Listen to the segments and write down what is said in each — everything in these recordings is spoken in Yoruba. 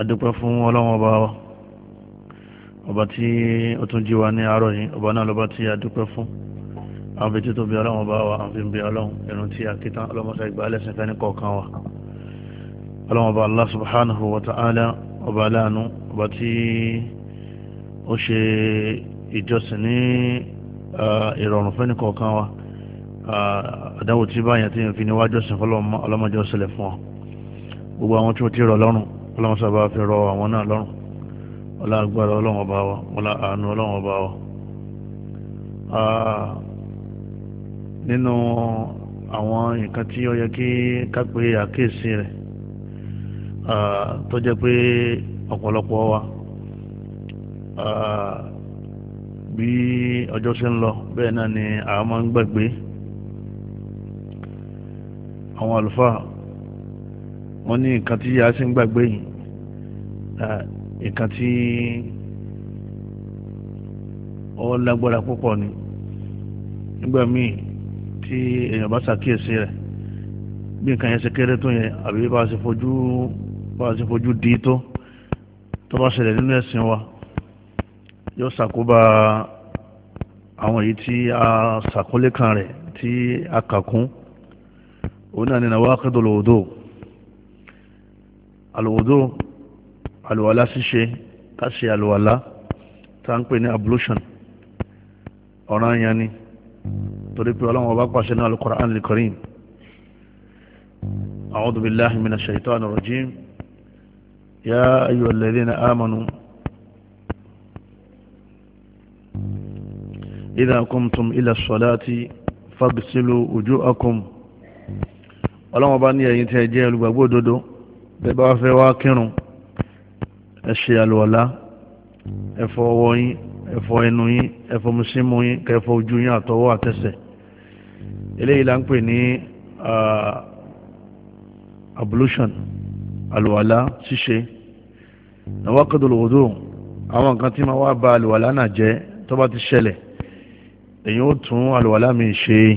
adúpẹ́ fún ọlọ́run ọba wa ọba tí ó tún jí wa ní àárọ̀ yìí ọba náà lọ́ba tí adúpẹ́ fún àwọn bíi títún bí ọlọ́run ọba wa àwọn fi ń bí ọlọ́run irun tí akíntàn ọlọ́mọṣẹ́ ìgbà ẹlẹ́sìn fẹ́ ní kọ̀ọ̀kan wa ọlọ́run ọba Allah subhanahu wa ta'ala ọba aláàánú ọba tí ó ṣe ìjọsìn ní ìrọ̀rùn fẹ́ ní kọ̀ọ̀kan wa. Uh, Ah, àdáwò tí báyà tí yẹn fi níwájú ọ̀sìn ọlọ́mọdé ọ̀sẹ̀lẹ̀ fún ọ gbogbo àwọn tí wọ́n ti rọ̀ lọ́rùn ọlọ́mọ sábà fi rọ àwọn náà lọ́rùn ọlá agbára ọlọ́wọ́n ọba wa ọlá àánú ọlọ́wọ́n ọba wa. Ah, nínú àwọn nǹkan tí ó yẹ kí kápẹ́ àkíyèsí rẹ̀ ah, tó jẹ́ pé ọ̀pọ̀lọpọ̀ wa bí ọjọ́ ṣe ń lọ bẹ́ẹ̀ náà ni àwọn máa ń gbàgbé àwọn àlùfáà wọ́n ní nǹkan tí a ti ń gbàgbé yìí nǹkan tí ó lágbára púpọ̀ ni nígbà míì tí èèyàn bá ṣàkíyèsí rẹ̀ bí nǹkan yẹn ṣe kéré tó yẹn àbí bá a ṣe fojú bá a ṣe fojú di tó tó bá ṣẹlẹ̀ nínú ẹ̀sìn wa yóò ṣàkóbá àwọn èyí tí a ṣàkólé kan rẹ̀ tí a kà kún òun náà ni nawaqid al-wudu al-wudu àlùwàlá ṣíṣe ká ṣe àlùwàlá tá à ń pè ní ablution ọ̀ràn yẹn ni torí pé ọlọ́run ọba pàṣẹ ní al-Qur'an al-Karim a'udhu billahi minash shaitanir rajim ya ayyuhal ladhina amanu idha qumtum ila as-salati faghsilu wujuhakum ọlọ́wọ́n bá ní ẹ̀yin tí ẹ jẹ́ olùgbàgbọ́ òdodo bẹ́ẹ̀ bá fẹ́ wá kírun ẹ ṣe àlùwàlá ẹ fọ ọwọ́ yín ẹ fọ ẹnu yín ẹ fọ musímù yín kẹ́ fọ ojú yín àtọwọ́ àtẹsẹ̀ eléyìí là ń pè ní ablution àlùwàlá ṣíṣe nàwákàdùn lòdù àwọn nǹkan tí máa wá ba àlùwàlá náà jẹ́ tó ti ṣẹlẹ̀ èyí ó tún àlùwàlá mi ṣe é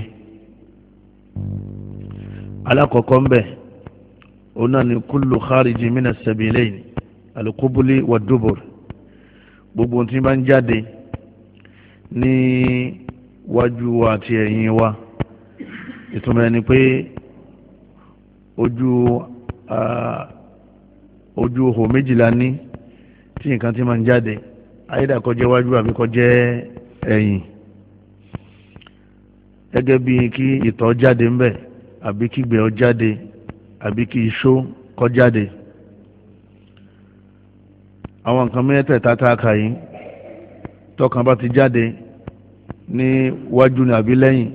alákọ̀ọ́kọ́ ń bẹ̀ òun náà ni kúlù kárìjì mínà sẹ̀bìlẹ́yìn alukubuli wàdúbòr gbogbo tí bá ń jáde ní wájú wa àti ẹ̀yìn wa ìtumọ̀ ẹni pé ojú ojú ihò méjìlá ní tí nǹkan ti máa ń jáde ayédà wájú àbí kó jẹ́ ẹ̀yìn gẹ́gẹ́ kí ìtọ̀ jáde ń bẹ̀ àbí kígbe ọ jáde àbí kí iṣó kọ jáde àwọn nǹkan mẹ́tẹ̀ẹ̀ta tá a kà yìí tọkàn bá ti jáde ní wájú ni àbí lẹ́yìn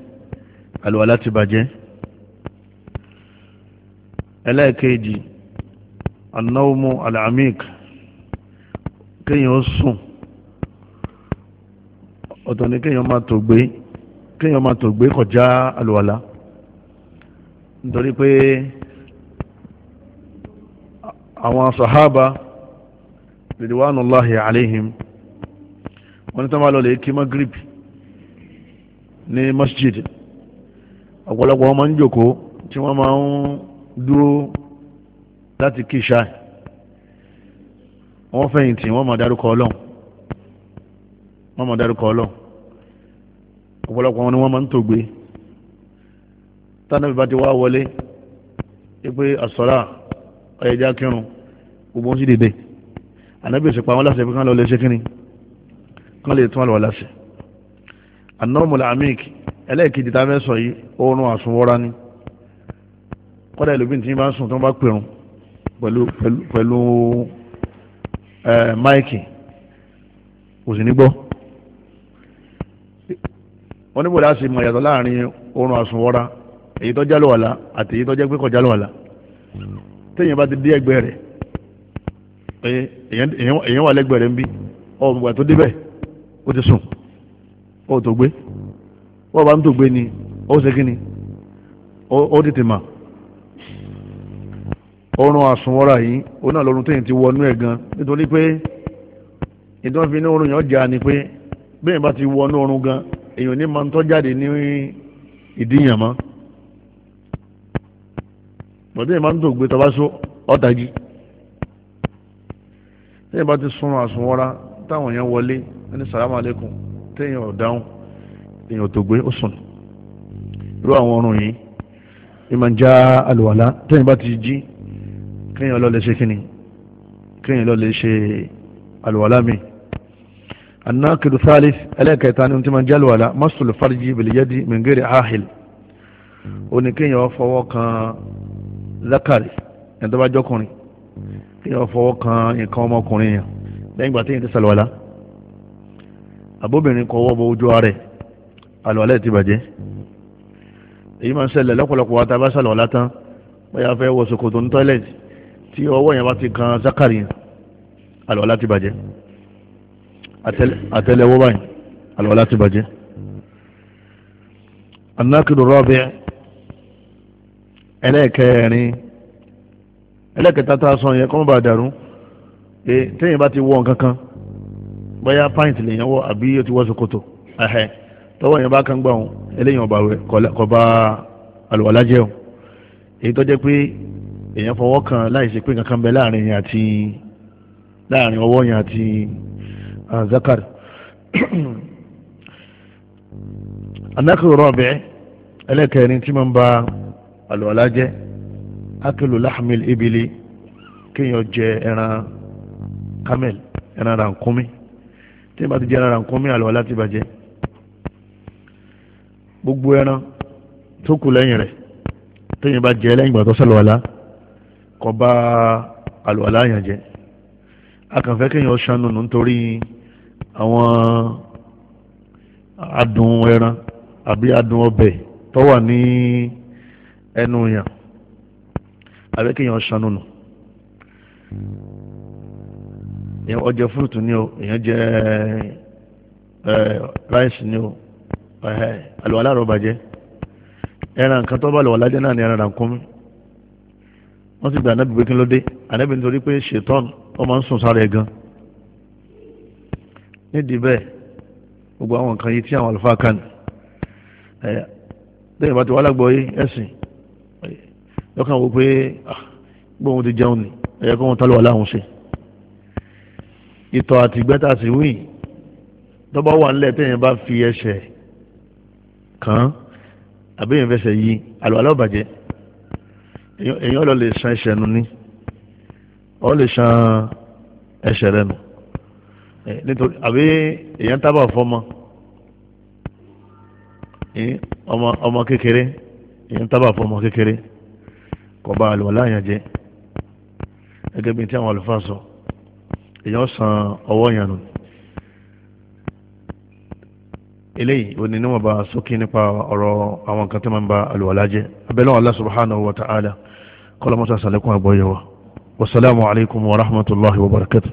àlùwàlá ti bàjẹ́ ẹlẹ́ẹ̀kejì anáwómú alamik kéèyàn sùn ọ̀tọ̀ ni kéèyàn máa tògbé kéèyàn máa tògbé kọjá àlùwàlá. nítorí pé àwọn sàhábà ridwanullahi alaihim wọ́n ní tánbà lọ́lẹ̀ kí magrib ní masjid ọ̀pọ̀lọpọ̀ wọn máa ń jòkó tí wọ́n máa ń dúró láti kí ṣáà wọ́n fẹ̀yìntì wọ́n máa dárúkọ ọlọ́run wọ́n máa dárúkọ ọlọ́run tánàbí bá ti wá wọlé pé àsọ̀rà ọ̀yẹ̀dá kírun gbogbo ń sì dìde ànábì sì pa wọn láṣẹ pé kán lọ lè ṣe kíni kán lè tún àlọ́ láṣẹ anọ́mọ̀lá amík ẹlẹ́ẹ̀kejì tá a fẹ́ sọ yìí oorun àsùnwọ́ra ni kọ́dà ìlúbí tí bá ń sùn tó bá pèrún pẹ̀lú pẹ̀lú máìkì kò sì ní gbọ́ wọ́n níbo mọ̀ ìyàtọ̀ láàrin oorun àsùnwọ́ra èyí tó jálò wàlá àti èyí tó jẹ́ pé kò jálò wàlá téèyàn bá ti dé ẹgbẹ́ rẹ̀ èyàn wà lẹ́gbẹ̀ẹ́ rẹ̀ ń bí ọ̀gbà tó débẹ̀ ó ti sùn ó tó gbé wọ́n bá ń tó gbé ni ó ṣe kí ni ó tètè mà oorun àsùnwọ́ra yìí ó náà lọ́run téèyàn ti wọnú ẹ̀ gan nítorí pé ìdánfin ní oorun yẹn ọjà ni pé bẹ́ẹ̀ bá ti wọnú oorun gan èèyàn ní máa ń tọ́ jáde ní ìdíyàn mọ́ bọ̀dé yìí máa ń dògbé tọ́ bá só ọ̀tàjì tẹ́yìn bá ti súnmọ́ àsùnwọ́ra táwọn èèyàn wọlé ẹni sàlámù alẹ́kùn tẹ́yìn ọ̀dáhùn èèyàn òtògbé ó sùn irú àwọn ọrùn yìí ìmọ̀ ń já àlùwàlá tẹ́yìn bá ti jí kéèyàn lọ́ọ́ ṣe kíni kéèyàn lọ́ọ́ ṣe àlùwàlá mi annakidu thalith ẹlẹ́kẹta ni tí ma ń já àlùwàlá masul farji bil yadi min ghairi ahil ó ní kéèyàn fọwọ́ kan zakari ẹni tó bá jọkùnrin kí wọ́n fọwọ́ kan nǹkan ọmọkùnrin yẹn lẹ́yìn ìgbà tí yẹn ti sàlùwàlá àbóbìnrin kọ́ wọ́bọ ojú ara ẹ̀ àlùwàlá ẹ̀ ti bàjẹ́ èyí máa ń ṣẹlẹ̀ lọ́pọ̀lọpọ̀ wa tá a bá sàlùwàlá tán bóyá fẹ́ wọ ṣòkòtò ní tọ́ílẹ̀tì tí ọwọ́ yẹn bá ti kan zakari yẹn àlùwàlá ti bàjẹ́ àtẹlẹwọ́ báyìí àlùwàlá ti bàjẹ́ anákìlú rọ́ọ̀bì ẹlẹ́ẹ̀kẹrin ẹlẹ́ẹ̀kẹta tá a sọ yẹn kọ́mọ́ bá dàrú pé téèyàn bá ti wọ nǹkan kan bóyá pint lèèyàn wọ àbí ó ti wọ ṣòkòtò ẹ̀hẹ̀ tọwọ́ yẹn bá kán gbà wọn eléyàn ọba rẹ kọ bá àlùwàlá jẹ́ o èyí tó jẹ́ pé èèyàn fọwọ́ kan láì ṣe pé nǹkan bẹ láàrin yẹn àti láàrin ọwọ́ yẹn àti zakar anákòrò ọ̀bẹ ẹlẹ́ẹ̀kẹrin tí mo ń ba àlùwàlá jẹ́ akílù láhàmìl ibili kéèyàn jẹ ẹran kamel ẹran rànkúnmí tí ìbá ti jẹ ẹran rànkúnmí àlùwàlá ti bàjẹ́ gbogbo ẹran tó kù lẹ́yìn rẹ̀ téèyàn bá jẹ lẹ́yìn ìgbà tó sàlùwàlá kò bà àlùwàlá yẹn jẹ́ akànfẹ́ kéèyàn ṣanu nítorí àwọn adùn ẹran àbí adùn ọbẹ̀ tó ní. Ni ẹnu yàn àbẹ́kẹ́yàn ṣanú nù èèyàn ọjẹ fúrùtù ni o èèyàn jẹ ráìsì ni o àlùwà láàrọ̀ bàjẹ́ ẹran nǹkan tó bá lọ wà lájẹ́ náà ni ẹran rànkúnmí wọ́n sì gbà ànábì pé kí ló dé ànábì nítorí pé ṣètọ́n wọ́n máa ń sùn sára ẹ̀ gan nídìí bẹ́ẹ̀ gbogbo àwọn nǹkan yìí tí àwọn àlùfáà kan bẹ́ẹ̀ bá ti wá lágbọ́ yìí ẹ̀sìn lọ́kàn wò pé ah, gbóhùn ti jẹun ni ẹ̀yẹ kó wọn tálọ́ aláhùn ṣe ìtọ̀ àti gbẹ́ta sí wí tọ́ba wà ńlẹ̀ téèyàn bá fi ẹsẹ̀ kàn án àbẹ́yẹn fẹsẹ̀ yí àlọ́ alábàjẹ́ èyàn lọ lè san ẹsẹ̀ nu ní ọ lè san ẹsẹ̀ rẹ nù nítorí àbí èyàn tábà fọmọ ọmọ kékeré èyàn tábà fọmọ kékeré kọba àlùwàlá yẹn jẹ́ gẹ́gẹ́ bí tí àwọn àlùfáà sọ èèyàn san ọwọ́ yẹn nù eléyìí òní ni wọn bá sókè nípa ọ̀rọ̀ àwọn nǹkan tó máa ń ba àlùwàlá jẹ́ abẹ́lẹ́ Allah subhanahu wa ta'ala kọ́lọ́mọ́sá sàlẹ́kùn àgbọ̀yẹ̀wò wasalaamu wa rahmatulahi wa barakatuh.